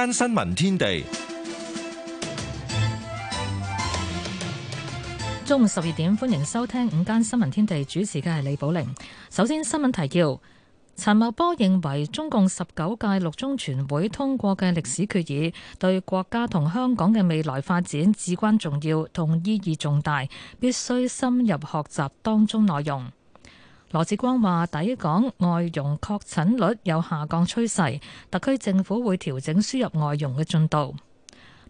午間新聞天地，中午十二點，歡迎收聽午間新聞天地。主持嘅係李寶玲。首先，新聞提要：陳茂波認為中共十九屆六中全會通過嘅歷史決議對國家同香港嘅未來發展至關重要，同意義重大，必須深入學習當中內容。羅志光話：抵港外傭確診率有下降趨勢，特區政府會調整輸入外傭嘅進度。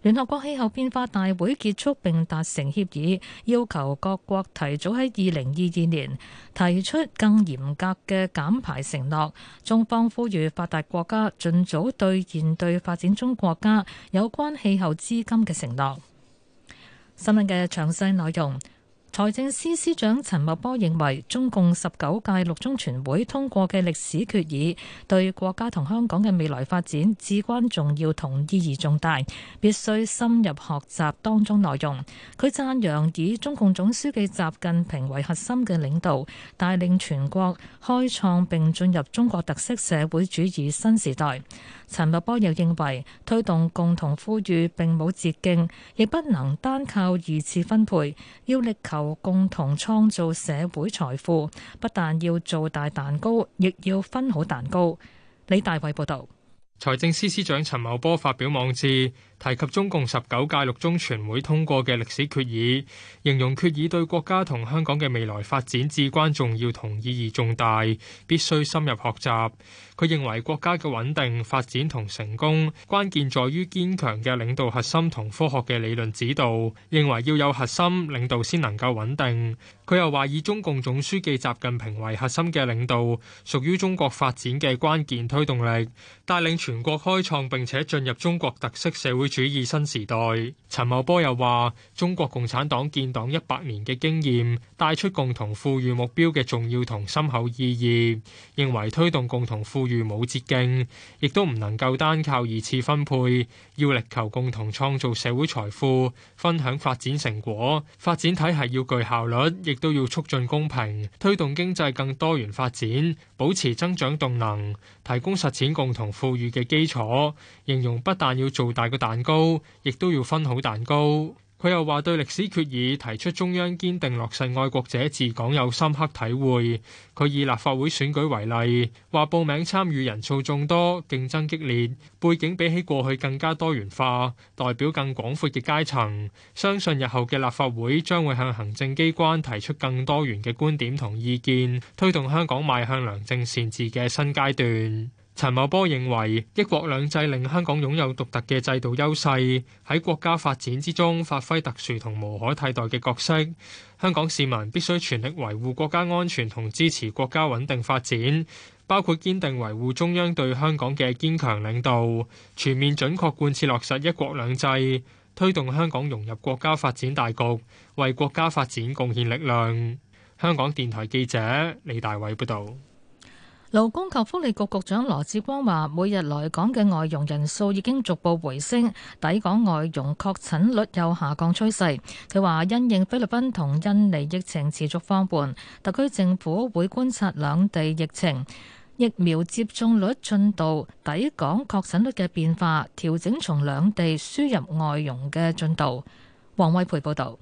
聯合國氣候變化大會結束並達成協議，要求各國提早喺二零二二年提出更嚴格嘅減排承諾。中方呼籲發達國家盡早兌現對發展中國家有關氣候資金嘅承諾。新聞嘅詳細內容。財政司司長陳茂波認為，中共十九屆六中全會通過嘅歷史決議，對國家同香港嘅未來發展至關重要同意義重大，必須深入學習當中內容。佢讚揚以中共總書記習近平為核心嘅領導，帶領全國開創並進入中國特色社會主義新時代。陳茂波又認為，推動共同富裕並冇捷徑，亦不能單靠二次分配，要力求，共同創造社會財富，不但要做大蛋糕，亦要分好蛋糕。李大偉報道，財政司司長陳茂波發表網誌。提及中共十九屆六中全會通過嘅歷史決議，形容決議對國家同香港嘅未來發展至關重要同意義重大，必須深入學習。佢認為國家嘅穩定發展同成功，關鍵在於堅強嘅領導核心同科學嘅理論指導，認為要有核心領導先能夠穩定。佢又話，以中共總書記習近平為核心嘅領導屬於中國發展嘅關鍵推動力，帶領全國開創並且進入中國特色社會主義新時代，陳茂波又話：中國共產黨建黨一百年嘅經驗，帶出共同富裕目標嘅重要同深厚意義。認為推動共同富裕冇捷徑，亦都唔能夠單靠二次分配，要力求共同創造社會財富，分享發展成果。發展體系要具效率，亦都要促進公平，推動經濟更多元發展，保持增長動能，提供實踐共同富裕嘅基礎。形容不但要做大個蛋糕亦都要分好蛋糕。佢又話對歷史決議提出中央堅定落實愛國者治港有深刻體會。佢以立法會選舉為例，話報名參與人數眾多，競爭激烈，背景比起過去更加多元化，代表更廣闊嘅階層。相信日後嘅立法會將會向行政機關提出更多元嘅觀點同意見，推動香港邁向良政善治嘅新階段。陳茂波認為，一國兩制令香港擁有獨特嘅制度優勢，喺國家發展之中發揮特殊同無可替代嘅角色。香港市民必須全力維護國家安全同支持國家穩定發展，包括堅定維護中央對香港嘅堅強領導，全面準確貫徹落實一國兩制，推動香港融入國家發展大局，為國家發展貢獻力量。香港電台記者李大偉報導。勞工及福利局局長羅志光話，每日來港嘅外傭人數已經逐步回升，抵港外傭確診率有下降趨勢。佢話，因應菲律賓同印尼疫情持續放緩，特區政府會觀察兩地疫情、疫苗接種率進度、抵港確診率嘅變化，調整從兩地輸入外傭嘅進度。王偉培報道。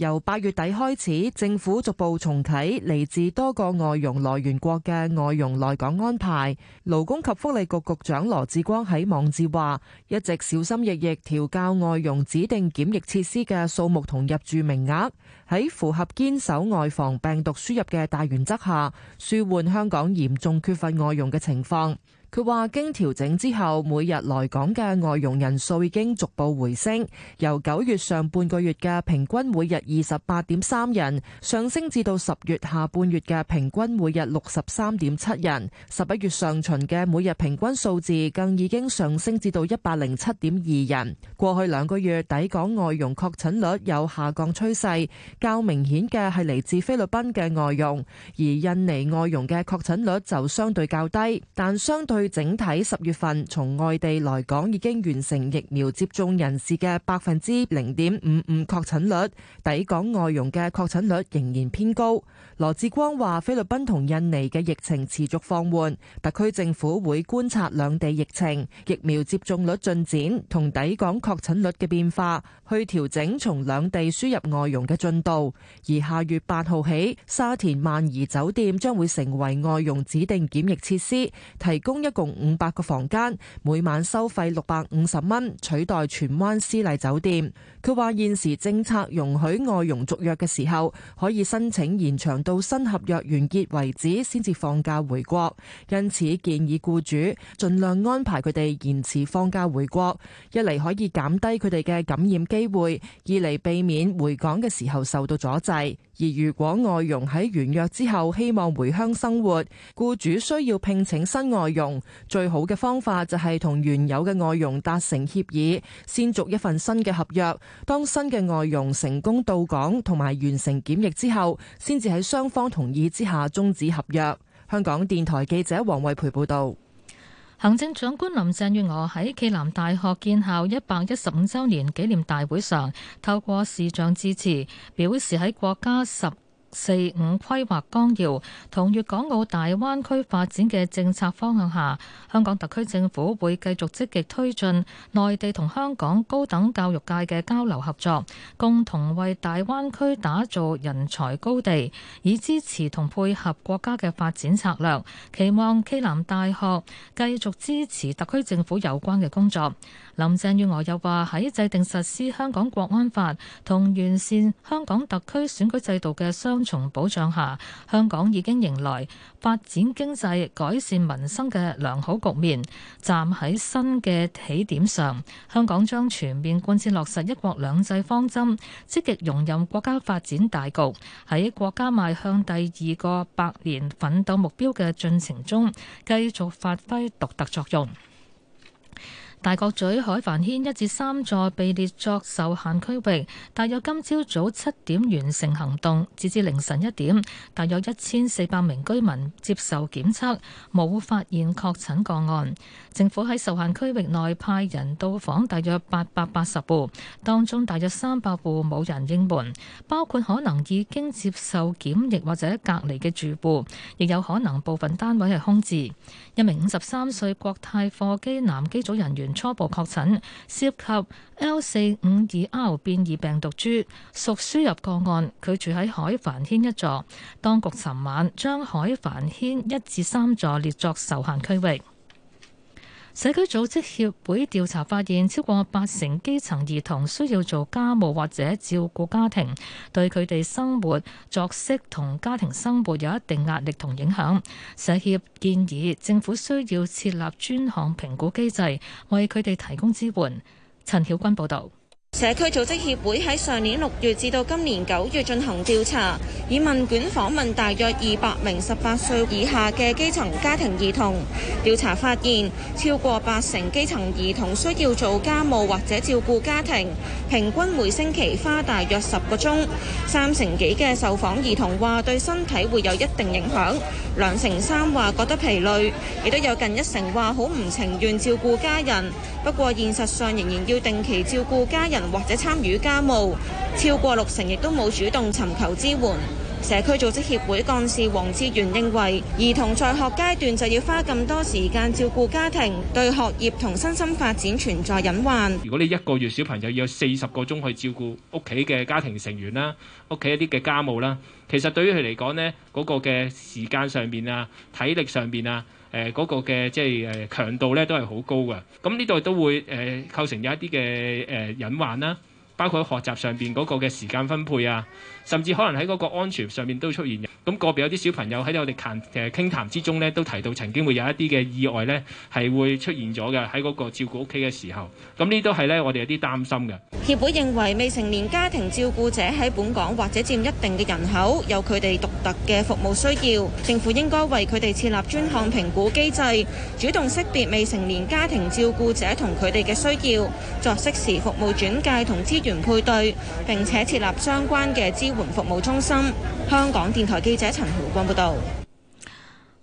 由八月底開始，政府逐步重啟嚟自多個外傭來源國嘅外傭來港安排。勞工及福利局局長羅致光喺網誌話：一直小心翼翼調校外傭指定檢疫設施嘅數目同入住名額，喺符合堅守外防病毒輸入嘅大原則下，舒緩香港嚴重缺乏外傭嘅情況。佢話經調整之後每日來港嘅外傭人數已經逐步回升，由九月上半個月嘅平均每日二十八點三人上升至到十月下半月嘅平均每日六十三點七人，十一月上旬嘅每日平均數字更已經上升至到一百零七點二人。過去兩個月抵港外傭確診率有下降趨勢，較明顯嘅係嚟自菲律賓嘅外傭，而印尼外佣嘅確診率就相對較低，但相對。對整體十月份從外地來港已經完成疫苗接種人士嘅百分之零點五五確診率，抵港外傭嘅確診率仍然偏高。羅致光話：菲律賓同印尼嘅疫情持續放緩，特區政府會觀察兩地疫情、疫苗接種率進展同抵港確診率嘅變化，去調整從兩地輸入外傭嘅進度。而下月八號起，沙田萬怡酒店將會成為外傭指定檢疫設施，提供一共五百個房間，每晚收費六百五十蚊，取代荃灣私麗酒店。佢話現時政策容許外傭續約嘅時候，可以申請延長到新合約完結為止，先至放假回國。因此建議僱主盡量安排佢哋延遲放假回國，一嚟可以減低佢哋嘅感染機會，二嚟避免回港嘅時候受到阻滯。而如果外傭喺完約之後希望回鄉生活，僱主需要聘請新外傭，最好嘅方法就係同原有嘅外傭達成協議，先續一份新嘅合約，當新嘅外傭成功到港同埋完成檢疫之後，先至喺雙方同意之下終止合約。香港電台記者黃慧培報道。行政長官林鄭月娥喺暨南大學建校一百一十五周年紀念大會上，透過視像致詞，表示喺國家十《四五規劃綱要》同粵港澳大灣區發展嘅政策方向下，香港特區政府會繼續積極推進內地同香港高等教育界嘅交流合作，共同為大灣區打造人才高地，以支持同配合國家嘅發展策略。期望暨南大學繼續支持特區政府有關嘅工作。林鄭月娥又話：喺制定實施香港國安法同完善香港特區選舉制度嘅雙重保障下，香港已經迎來發展經濟、改善民生嘅良好局面，站喺新嘅起點上，香港將全面貫徹落實一國兩制方針，積極融入國家發展大局，喺國家邁向第二個百年奮鬥目標嘅進程中，繼續發揮獨特作用。大角咀海帆軒一至三座被列作受限區域，大約今朝早七點完成行動，截至凌晨一點，大約一千四百名居民接受檢測，冇發現確診個案。政府喺受限區域內派人到訪大約八百八十戶，當中大約三百戶冇人應門，包括可能已經接受檢疫或者隔離嘅住戶，亦有可能部分單位係空置。一名五十三歲國泰貨機男機組人員。初步確診涉及 L 四五二 R 變異病毒株，屬輸入個案。佢住喺海帆軒一座，當局尋晚將海帆軒一至三座列作受限區域。社區組織協會調查發現，超過八成基層兒童需要做家務或者照顧家庭，對佢哋生活作息同家庭生活有一定壓力同影響。社協建議政府需要設立專項評估機制，為佢哋提供支援。陳曉君報導。社區組織協會喺上年六月至到今年九月進行調查，以問卷訪問大約二百名十八歲以下嘅基層家庭兒童。調查發現，超過八成基層兒童需要做家務或者照顧家庭，平均每星期花大約十個鐘。三成幾嘅受訪兒童話對身體會有一定影響，兩成三話覺得疲累，亦都有近一成話好唔情願照顧家人。不過現實上仍然要定期照顧家人。或者參與家務超過六成，亦都冇主動尋求支援。社區組織協會幹事黃志源認為，兒童在學階段就要花咁多時間照顧家庭，對學業同身心發展存在隱患。如果你一個月小朋友要有四十個鐘去照顧屋企嘅家庭成員啦，屋企一啲嘅家務啦，其實對於佢嚟講呢，嗰個嘅時間上邊啊，體力上邊啊。誒嗰、呃那個嘅即係誒、呃、強度咧都係好高嘅，咁呢度都會誒、呃、構成有一啲嘅誒隱患啦、啊，包括喺學習上邊嗰個嘅時間分配啊。甚至可能喺嗰個安全上面都出現嘅，咁個別有啲小朋友喺我哋談誒傾談之中咧，都提到曾經會有一啲嘅意外咧，係會出現咗嘅喺嗰個照顧屋企嘅時候，咁呢都係咧我哋有啲擔心嘅。協會認為未成年家庭照顧者喺本港或者佔一定嘅人口，有佢哋獨特嘅服務需要，政府應該為佢哋設立專項評估機制，主動識別未成年家庭照顧者同佢哋嘅需要，作適時服務轉介同資源配對，並且設立相關嘅資支援服務中心。香港電台記者陳豪光報道。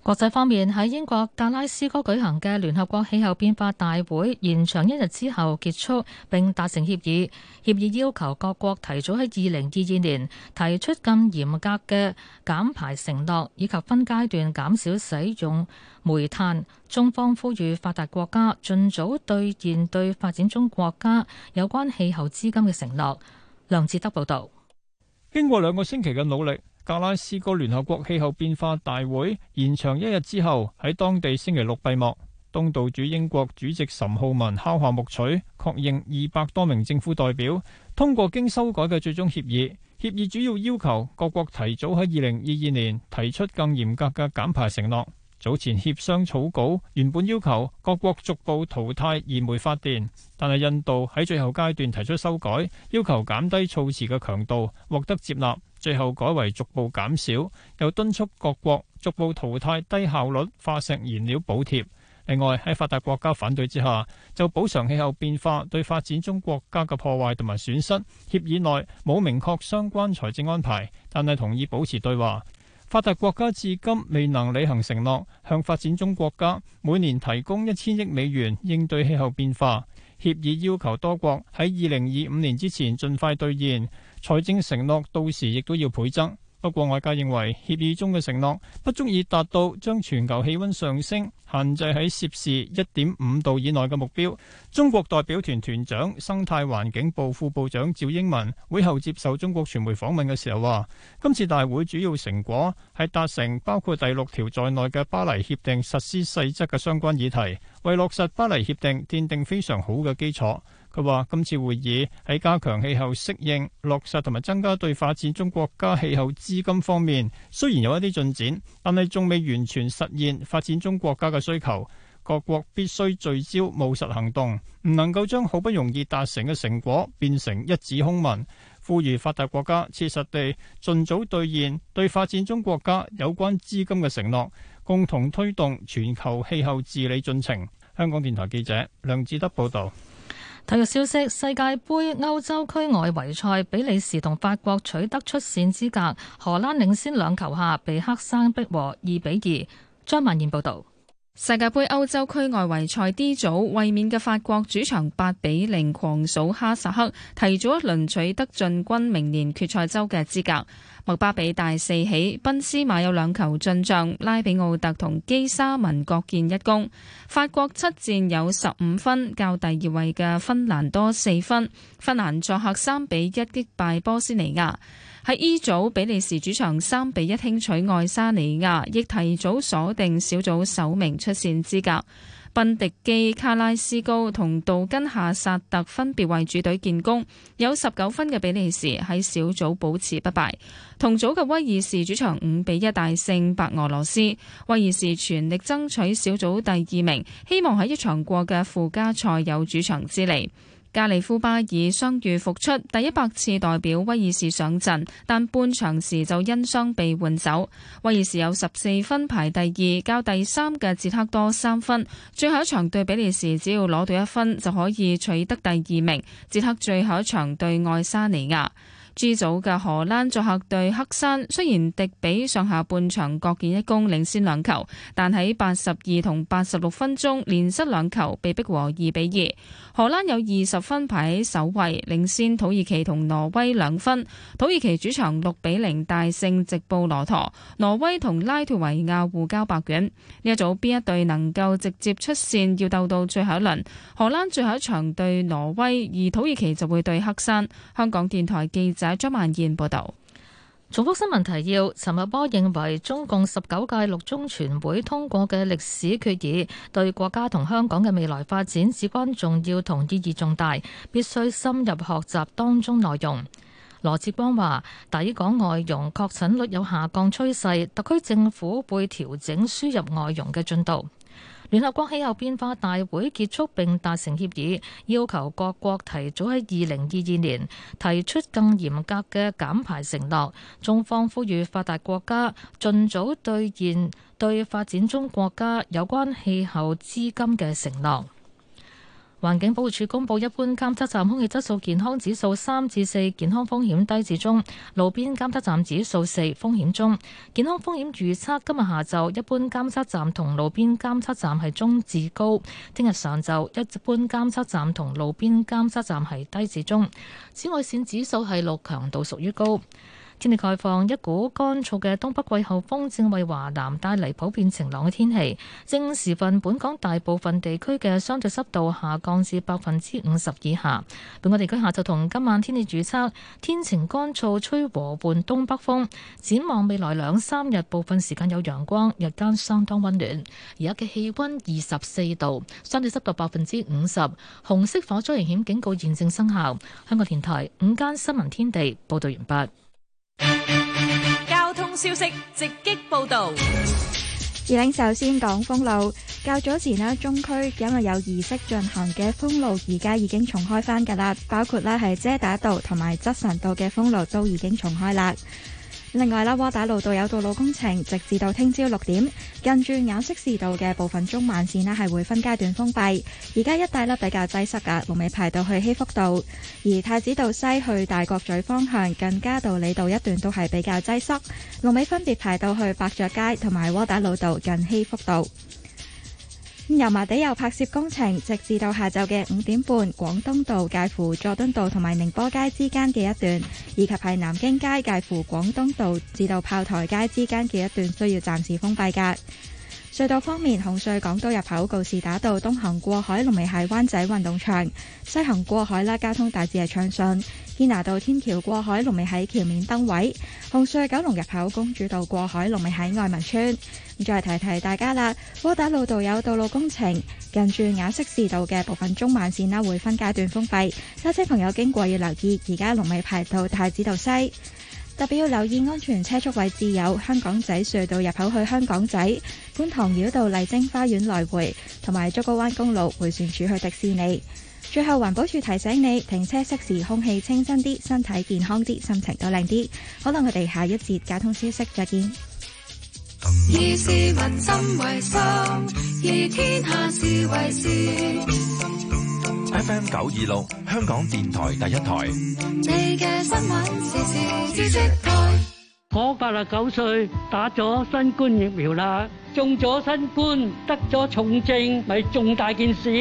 國際方面，喺英國格拉斯哥舉行嘅聯合國氣候變化大會延長一日之後結束，並達成協議。協議要求各國提早喺二零二二年提出更嚴格嘅減排承諾，以及分階段減少使用煤炭。中方呼籲發達國家盡早兌現對發展中國家有關氣候資金嘅承諾。梁志德報道。經過兩個星期嘅努力，格拉斯哥聯合國氣候變化大會延長一日之後，喺當地星期六閉幕。東道主英國主席岑浩文敲下木槌，確認二百多名政府代表通過經修改嘅最終協議。協議主要要求各國提早喺二零二二年提出更嚴格嘅減排承諾。早前協商草稿原本要求各國逐步淘汰燃煤發電，但係印度喺最後階段提出修改，要求減低措辭嘅強度，獲得接納，最後改為逐步減少，又敦促各國逐步淘汰低效率化石燃料補貼。另外，喺發達國家反對之下，就補償氣候變化對發展中國家嘅破壞同埋損失，協議內冇明確相關財政安排，但係同意保持對話。發達國家至今未能履行承諾，向發展中國家每年提供一千億美元應對氣候變化。協議要求，多國喺二零二五年之前盡快兌現財政承諾，到時亦都要倍增。不過外界認為協議中嘅承諾不足以達到將全球氣温上升限制喺攝氏一點五度以內嘅目標。中國代表團團長、生態環境部副部長趙英民會後接受中國傳媒訪問嘅時候話，今次大會主要成果係達成包括第六條在內嘅巴黎協定實施細則嘅相關議題，為落實巴黎協定奠定非常好嘅基礎。佢話：今次會議喺加強氣候適應、落實同埋增加對發展中國家氣候資金方面，雖然有一啲進展，但係仲未完全實現發展中國家嘅需求。各國必須聚焦務實行動，唔能夠將好不容易達成嘅成果變成一紙空文。呼籲發達國家切實地盡早兌現對發展中國家有關資金嘅承諾，共同推動全球氣候治理進程。香港電台記者梁志德報道。體育消息：世界杯歐洲區外圍賽，比利時同法國取得出線資格，荷蘭領先兩球下被黑山逼和二比二。張曼燕報道。世界盃歐洲區外圍賽 D 組衛冕嘅法國主場八比零狂掃哈薩克，提早一輪取得進軍明年決賽周嘅資格。麥巴比大四起，賓斯馬有兩球進賬，拉比奧特同基沙文各建一功。法國七戰有十五分，較第二位嘅芬蘭多四分。芬蘭作客三比一擊敗波斯尼亞。喺 E 組，比利時主場三比一輕取愛沙尼亞，亦提早鎖定小組首名出線資格。賓迪基、卡拉斯高同杜根夏薩特分別為主隊建功，有十九分嘅比利時喺小組保持不敗。同組嘅威爾士主場五比一大勝白俄羅斯，威爾士全力爭取小組第二名，希望喺一場過嘅附加賽有主場之利。加利夫巴爾傷愈復出，第一百次代表威爾士上陣，但半場時就因傷被換走。威爾士有十四分排第二，較第三嘅捷克多三分。最後一場對比利時，只要攞到一分就可以取得第二名。捷克最後一場對愛沙尼亞。G 組嘅荷蘭作客對黑山，雖然迪比上下半場各建一攻，領先兩球，但喺八十二同八十六分鐘連失兩球，被逼和二比二。荷蘭有二十分排喺首位，領先土耳其同挪威兩分。土耳其主場六比零大勝直布羅陀，挪威同拉脫維亞互交白卷。呢一組邊一隊能夠直接出線，要鬥到最後一輪。荷蘭最後一場對挪威，而土耳其就會對黑山。香港電台記者，張萬燕報道：重複新聞提要。陳茂波認為中共十九屆六中全會通過嘅歷史決議，對國家同香港嘅未來發展至關重要同意義重大，必須深入學習當中內容。羅志光話：抵港外傭確診率有下降趨勢，特區政府會調整輸入外傭嘅進度。聯合國氣候變化大會結束並達成協議，要求各國提早喺二零二二年提出更嚴格嘅減排承諾。中方呼籲發達國家盡早兌現對發展中國家有關氣候資金嘅承諾。環境保護署公布，一般監測站空氣質素健康指數三至四，健康風險低至中；路邊監測站指數四，風險中。健康風險預測今日下晝一般監測站同路邊監測站係中至高，聽日上晝一般監測站同路邊監測站係低至中。紫外線指數係六，強度屬於高。天氣概況，一股乾燥嘅東北季候風正為華南帶嚟普遍晴朗嘅天氣。正時分，本港大部分地區嘅相對濕度下降至百分之五十以下。本港地區下晝同今晚天氣預測，天晴乾燥，吹和緩東北風。展望未來兩三日，部分時間有陽光，日間相當温暖。而家嘅氣温二十四度，相對濕度百分之五十，紅色火災危險警告現正生效。香港電台午間新聞天地報導完畢。交通消息直擊報道。而領首先講封路，較早前咧中區因為有儀式進行嘅封路，而家已經重開返噶啦。包括啦係遮打道同埋昃臣道嘅封路都已經重開喇。另外啦，窩打老道有道路工程，直至到聽朝六點，近住眼色士道嘅部分中慢線呢係會分階段封閉。而家一帶呢比較擠塞嘅龍尾排到去希福道，而太子道西去大角咀方向，近嘉道理道一段都係比較擠塞，龍尾分別排到去伯爵街同埋窩打老道近希福道。油麻地有拍攝工程，直至到下晝嘅五點半，廣東道介乎佐敦道同埋寧波街之間嘅一段，以及喺南京街介乎廣東道至到炮台街之間嘅一段，需要暫時封閉㗎。隧道方面，紅隧港島入口告士打道東行過海，龍尾喺灣仔運動場；西行過海啦，交通大致係暢順。堅拿道天橋過海，龍尾喺橋面燈位。紅隧九龍入口公主道過海，龍尾喺愛民村。咁再提提大家啦，窩打老道有道路工程，近住雅色士道嘅部分中慢線啦會分階段封閉，揸車朋友經過要留意。而家龍尾排到太子道西。特別要留意安全車速位置有香港仔隧道入口去香港仔、觀塘繞道麗晶花園來回，同埋竹篙灣公路回旋處去迪士尼。最後環保署提醒你，停車熄匙空氣清新啲，身體健康啲，心情都靚啲。可能我哋下一節交通消息再見。以民心為心，以天下事為事。FM 九二六，香港電台第一台。我八十九歲，打咗新冠疫苗啦，中咗新冠，得咗重症，咪重大件事。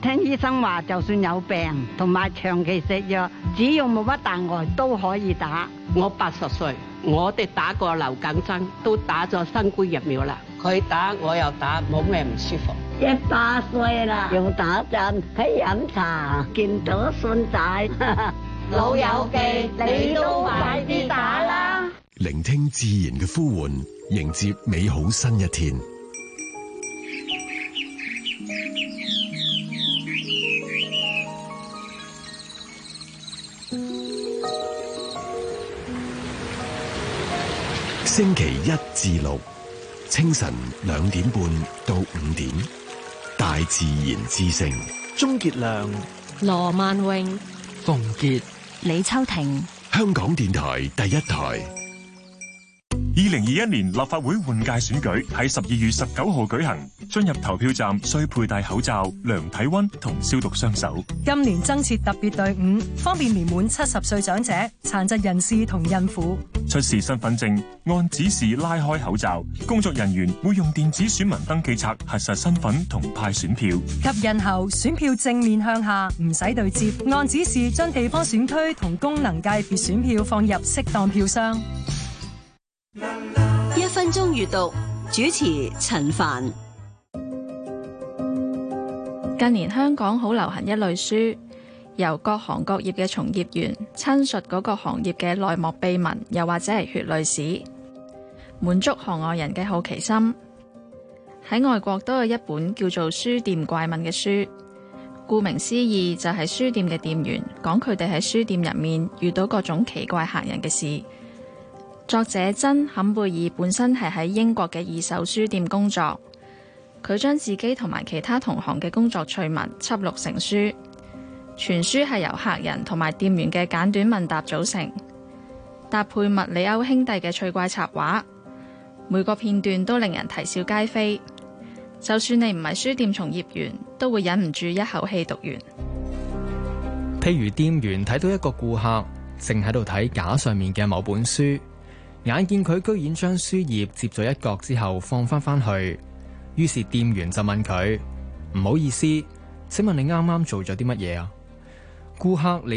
聽醫生話，就算有病，同埋長期食藥，只要冇乜大礙，都可以打。我八十歲。我哋打過流感針，都打咗新冠疫苗啦。佢打，我又打，冇咩唔舒服。一百歲啦，又打針，喺飲茶，見到孫仔，老友記，你都快啲打啦！聆聽自然嘅呼喚，迎接美好新一天。星期一至六清晨兩點半到五點，大自然之聲。鍾傑良、羅萬榮、鳳杰杰、李秋婷，香港電台第一台。二零二一年立法會換屆選舉喺十二月十九號舉行，進入投票站需佩戴口罩、量體溫同消毒雙手。今年增設特別隊伍，方便年滿七十歲長者、殘疾人士同孕婦。出示身份證，按指示拉開口罩，工作人員會用電子選民登記冊核實身份同派選票。及印後選票正面向下，唔使對接，按指示將地方選區同功能界別選票放入適當票箱。分鐘閱讀，主持陳凡。近年香港好流行一類書，由各行各業嘅從業員親述嗰個行業嘅內幕秘聞，又或者係血淚史，滿足行外人嘅好奇心。喺外國都有一本叫做《書店怪聞》嘅書，顧名思義就係書店嘅店員講佢哋喺書店入面遇到各種奇怪客人嘅事。作者珍坎貝爾本身係喺英國嘅二手書店工作，佢將自己同埋其他同行嘅工作趣聞輯錄成書，全書係由客人同埋店員嘅簡短問答組成，搭配物理歐兄弟嘅趣怪插畫，每個片段都令人啼笑皆非。就算你唔係書店從業員，都會忍唔住一口氣讀完。譬如店員睇到一個顧客正喺度睇架上面嘅某本書。眼見佢居然將書頁折咗一角之後放返返去，於是店員就問佢：唔好意思，請問你啱啱做咗啲乜嘢啊？顧客你。